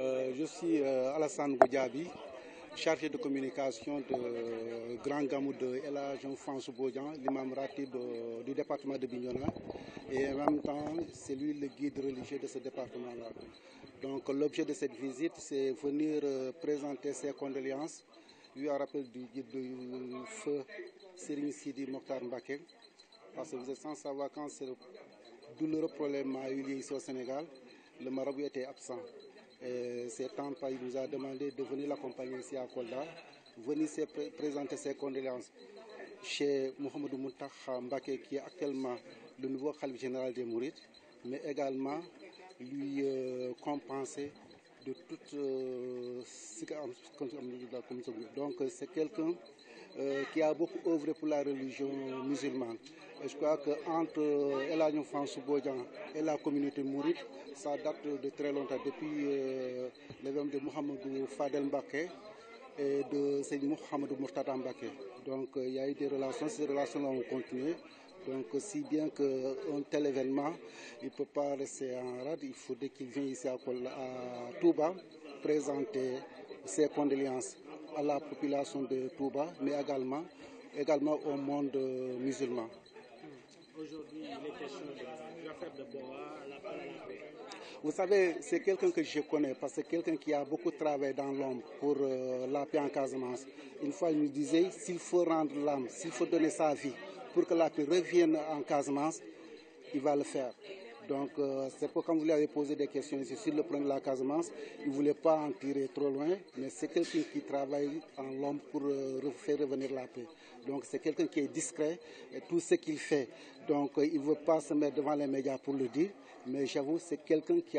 Euh, je suis euh, Alassane chargé de communication de euh, Grand Gamou de Ella Jean-François Bojan, l'imam euh, du département de Bignona, et en même temps, c'est le guide religieux de ce département-là. Donc l'objet de cette visite, c'est venir euh, présenter ses condoléances, lui à rappel du guide feu Serigne Sidi Mokhtar Mbake, parce que vous êtes sans savoir quand ce douloureux problème eu lieu ici au Sénégal, le marabout était absent. Et ces temps-là, il nous a demandé de venir l'accompagner ici à Kolda, venir se pr présenter ses condoléances chez Mohamed Moutakha Mbake, qui est actuellement le nouveau Khalif général de Mourites, mais également lui euh, compenser de toute euh, Donc quelqu'un Euh, qui a beaucoup œuvré pour la religion musulmane. Et je crois que qu'entre euh, El Hadj Fansou Bodian et la communauté mouride, ça date de très longtemps, depuis euh, l'évêque de Mouhamadou Fadel Mbacké et de Seydi Mouhamadou Mourtada Mbacké. Donc il y a eu des relations, ces relations-là ont continué. Donc si bien que un tel événement, il peut pas rester en rade, il faudrait qu'il vienne ici à Touba présenter ses condoléances. à la population de Touba, mais également, également au monde euh, musulman. Aujourd'hui, il de l'affaire de Boa, la paix. Vous savez, c'est quelqu'un que je connais parce que quelqu'un qui a beaucoup travaillé dans l'ombre pour euh, la paix en Casamance. fois, il me disait, s'il faut rendre l'âme, s'il faut donner sa vie pour que la paix revienne en Casamance, il va le faire. Donc, euh, c'est pourquoi des questions sur le problème de la Casamance, il ne voulait pas en tirer trop loin, mais c'est quelqu'un qui travaille en l'ombre pour euh, faire revenir la paix. c'est quelqu'un qui est discret, et tout ce qu'il fait. Donc, euh, il ne veut pas se mettre devant les médias pour le dire, mais j'avoue, c'est quelqu'un qui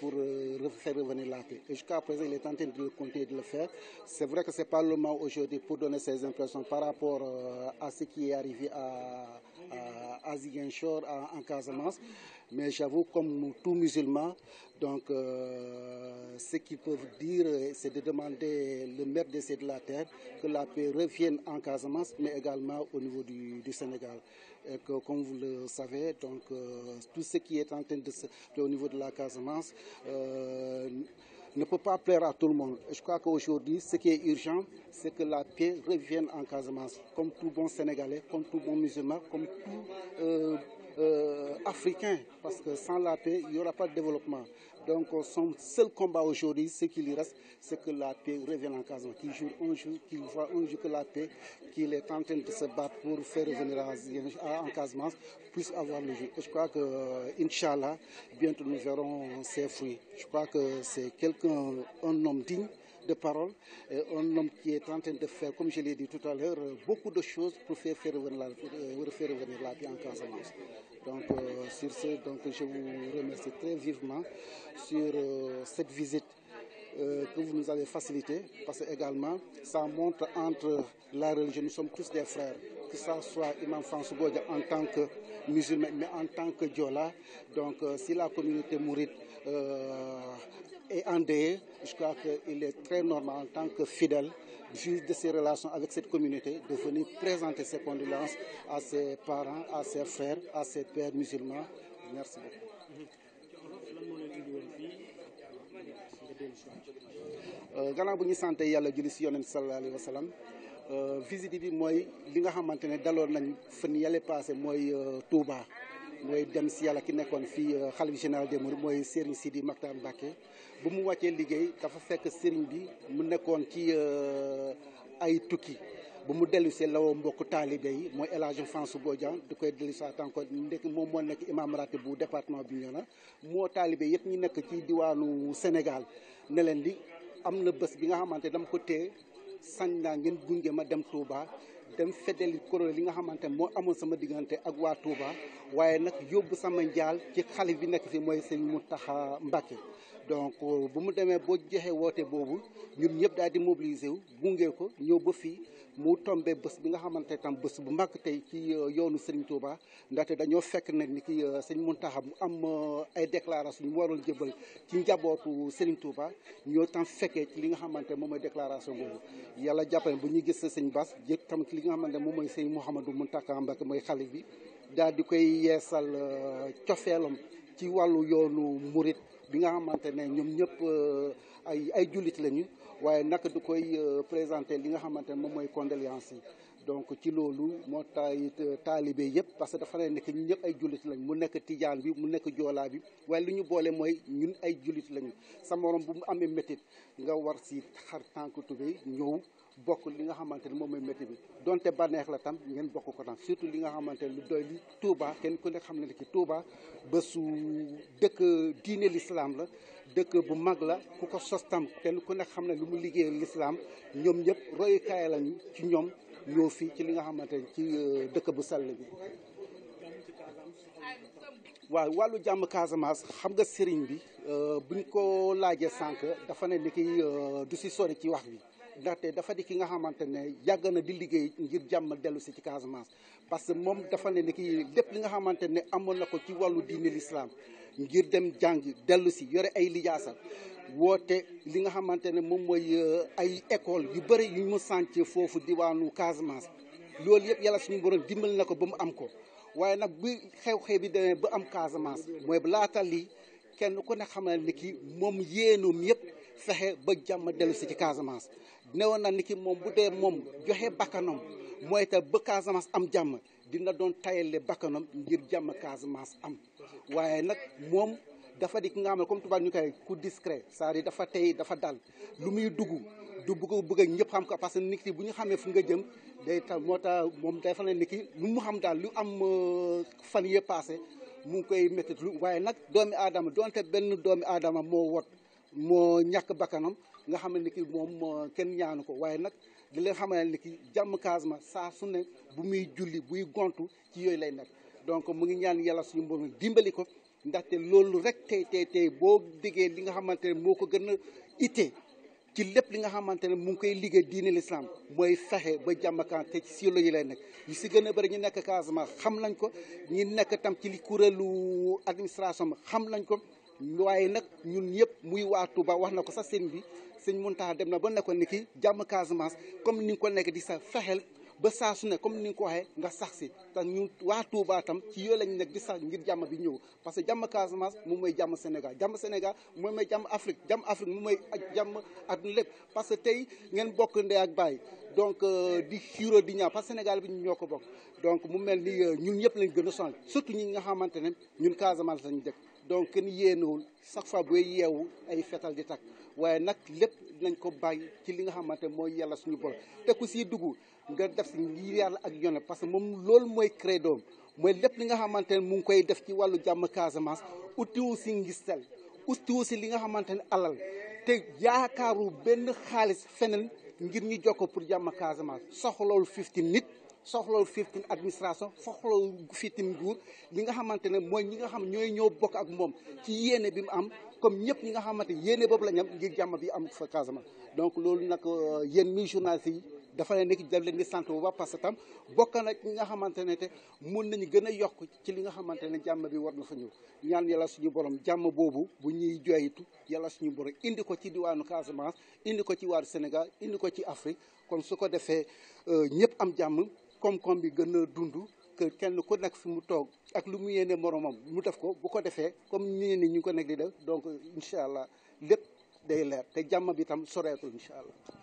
pour euh, faire revenir la paix. Et jusqu'à présent, il est en de le compter et de le faire. C'est vrai que ce n'est aujourd'hui pour donner ses impressions par rapport euh, à ce qui est arrivé à à, euh, à Ziguinchor, à, en Casamance. Mais j'avoue, comme tout musulman, donc euh, ce qu'ils peuvent dire, c'est de demander le maître de de la terre que la paix revienne en mais également au niveau du, du Sénégal. Et que, comme vous le savez, donc euh, tout ce qui est en train de se, de, au niveau de la Casamance. Euh, ne peut pas plaire à tout le monde. Je crois qu'aujourd'hui, ce qui est urgent, c'est que la paix revienne en Casamance, comme tout bon Sénégalais, comme tout bon musulman, comme tout euh, euh, Africain, parce que sans la paix, il n'y aura pas de développement. Donc euh, son seul combat aujourd'hui, ce qui lui reste, c'est que la paix revienne en Casamance, qu'il joue un jour, qu'il voit un jour que est en train de se battre pour faire revenir à, en Casamance puisse avoir le jour. Je que, euh, Inch'Allah, bientôt nous verrons ses fruits. Je crois que c'est quelqu'un, un homme digne. de parole, euh, un homme qui est en train de faire, comme je l'ai dit tout à l'heure, euh, beaucoup de choses pour faire, faire revenir, la, euh, faire en Casamance. Donc, euh, sur donc, je vous remercie très vivement sur cette visite euh, que vous nous avez facilitée, parce que également, ça montre entre la religion, nous sommes tous des frères, que ça soit Imam François en tant que musulman, mais en tant que jola Donc, si la communauté mourite est endeuillé, je crois qu'il est très normal en tant que fidèle, juge de ses relations avec cette communauté, de venir présenter ses condoléances à ses parents, à ses frères, à ses pères musulmans. Merci beaucoup. Euh, gannaaw bu ñu sante yàlla julli si yonent sallallahu alayhi wa sallam euh, visite bi mooy li nga xamante ne daloon nañ fan yàlla passé mooy euh, Touba. mooy dem si yàlla ki nekkoon fii euh, xalifa général des mourides mooy Serigne Sidi Makhtar Mbacké bu mu wàccee liggéey dafa fekk Serigne bi mu nekkoon ci euh, ay tukki bu mu dellu see lawoo mbokk taalibe yi mooy El Hadj boo jaan di koy dellu si encore ndekk moom moo nekk imam ratib bu département bi Bignona moo taalibe yëpp ñu nekk ci diwaanu Sénégal ne leen li am na bés bi nga xamante dama ko téye sañ naa ngeen gunge ma dem Touba dem feddali kuréel li nga xamante ne moo amoon sama diggante ak waa Touba waaye nag yóbbu sama njaal ci xale bi nekk fi mooy sëñ Mountakha Mbacké donc euh, bu mu demee boo joxee woote boobu ñun ñëpp daal di mobiliser wu gunge ko ñëw ba fii mu tombé bës bi nga xamante tam bés bu mag tey ci euh, yoonu Serigne Touba ndaxte dañoo fekk nag ni ki euh, sëñ Mountakha mu am euh, ay déclaration yu mu waroon jëbal ci njabootu Serigne Touba ñoo tam fekkee ci li nga xamante moom mooy déclaration boobu yàlla jàppale bu ñuy gis sëñ Bass jëkk tamit li nga xamante moom mooy sëñ Mouhamadou Mountakha Mbacké mooy xalif bi daal di koy yeesal cofeelam ci wàllu yoonu murit bi nga xamante ne ñoom ñëpp ay ay jullit lañu waaye naka du koy euh, présenter li nga xamante ne moom mooy condoléances yi donc ci loolu moo taay euh, taalibe yëpp parce que dafa ne nekk ñun ñëpp ay jullit lañ mu nekk tijaan bi mu nekk joolaa bi waaye lu ñu boole mooy ñun ay jullit lañu sa morom bu mu amee métit nga war si xar tànk tubéy ñëw bokk li nga xamante ne moom mooy métit bi donte banneex la tam ngeen bokk ko tam surtout li nga xamante ne lu doy li Touba kenn ku nekk xam ne ki Touba ba su dëkk diine l'islam la dëkk bu mag la ku ko sos tam kenn ku nekk xam ne lu mu liggéey lislaam ñoom ñëpp royukaay lañu ci ñoom ñoo fii ci li nga xamante ne ci euh, dëkk bu sell bi. waaw wàllu jàmm Casamance xam nga sëriñ bi euh, buñ ko laajee sànq dafa ne ni ki euh, du si sori ci wax bi ndaxte dafa di ki nga xamante ne yàgg na di liggéey ngir jàmm dellu si ci Casamance. parce que moom dafa ne ni ki lépp li nga xamante ne amoon na ko ci wàllu diine l'islam ngir dem jàng dellu si yore ay lijaasa woote li nga xamante ne moom mooy euh, ay école yu bëri yu mu sànc foofu diwaanu Casamance loolu yëpp yàlla suñu borom dimbali na ko ba mu am ko waaye nag bu xew-xew bi demee ba am Casamance mooy laata li kenn ku ne xamal ni ki moom yéenoom yëpp fexe ba jàmm dellu si ci Casamance newoon na ni ki moom bu dee moom joxe bakkanam mooy te ba Casamance am jàmm dina doon tayale bakkanam ngir jàmm Casamance am waaye nag moom dafa di ki nga xam ne comme tubaab ñu koy ku discret cest à dafa tey dafa dal lu muy dugg du bëgg bëgg ñëpp xam ko parce que nit ki bu ñu xamee fu nga jëm day tax moo tax moom day fa ki lu mu xam lu am euh, fan yee passé mu ngi koy métti waaye nag doomi aadama donte benn doomi aadama moo wot moo ñàkk bakkanam nga xam ne ni ki moom kenn ñaanu ko waaye nag di leen xamal ne ki jàmm Casamance saa su ne bu muy julli buy gont ci yooyu lay nekk donc mu ngi ñaan yàlla suñu mbooloo dimbali ko ndaxte loolu rek tey tey boo déggee li nga xamante ne moo ko gën a ittee ci lépp li nga xamante ne mu ngi koy liggéey diine lislaam mooy fexe ba jàmmakaan te ci silo yi lay nekk ñu si gën a bëri ñu nekk Casamance xam nañ ko ñu nekk tam ci li kuréelu administration bi xam nañ ko waaye nag ñun ñëpp muy waatu ba wax na ko sax sëñ bi sëñ Muntaxa dem na ba nekkoon ni ki jàmm Casamance comme ni nga ko nekk di sa fexeel ba saa ne comme ni nga ko waxee nga sax si te ñu waa Touba tam ci yooyu lañ nekk di sax ngir jàmm bi ñëw parce que jàmm Casamance moom mooy jàmm Sénégal jàmm Sénégal moom mooy jàmm Afrique jàmm Afrique moom mooy jàmm àdduna lépp parce que tey ngeen bokk ndey ak baay donc euh, di xiiroo di ñaaw parce que bi ñun ñoo ko bokk donc mu mel ni euh, ñun ñëpp lañ gën a sonal surtout ñi nga xamante ne ñun Casamance lañu dëkk donc kenn yéenewul chaque fois booy yeewu ay fetal di takk waaye nag lépp dinañ ko bàyyi ci li nga xamante mooy yàlla suñu borom te ku siy nga def si ngir yàlla ak yone parce que moom loolu mooy credoom mooy lépp li nga xamante ne mu ngi koy def ci wàllu jàmm Casamance utiwu si ngistal utiwu si li nga xamante ne alal te yaakaaru benn xaalis feneen ngir ñu jokkoo pour jàmm Casamance soxlawul fifteen nit soxlawul fifteen administration soxlawul fifteen nguur li nga xamante ne mooy ñi nga xam ñooy ñoo bokk ak moom ci yéene bi mu am comme ñëpp ñi nga xamante yéene boobu la ñu ngir jàmm bi am fa Casamance euh, yi dafa leen nekk daf leen di sant bu baax parce que tam bokka nag ñi nga xamante ne te mun nañu gën a yokk ci li nga xamante ne jàmm bi war na fa ñëw ñaan yàlla suñu borom jàmm boobu bu ñuy joyitu yàlla suñu borom indi ko ci diwaanu Casamance indi ko ci waaru Sénégal indi ko ci Afrique kon su ko defee euh, ñëpp am jàmm koom-koom bi gën a dund que kenn ku nekk fi mu toog ak lu mu yéene moromam mu def ko bu ko defee comme ñu ne ñu ko nekk di def donc incha allah lépp day leer te jàmm bi tam soreetul incha allah.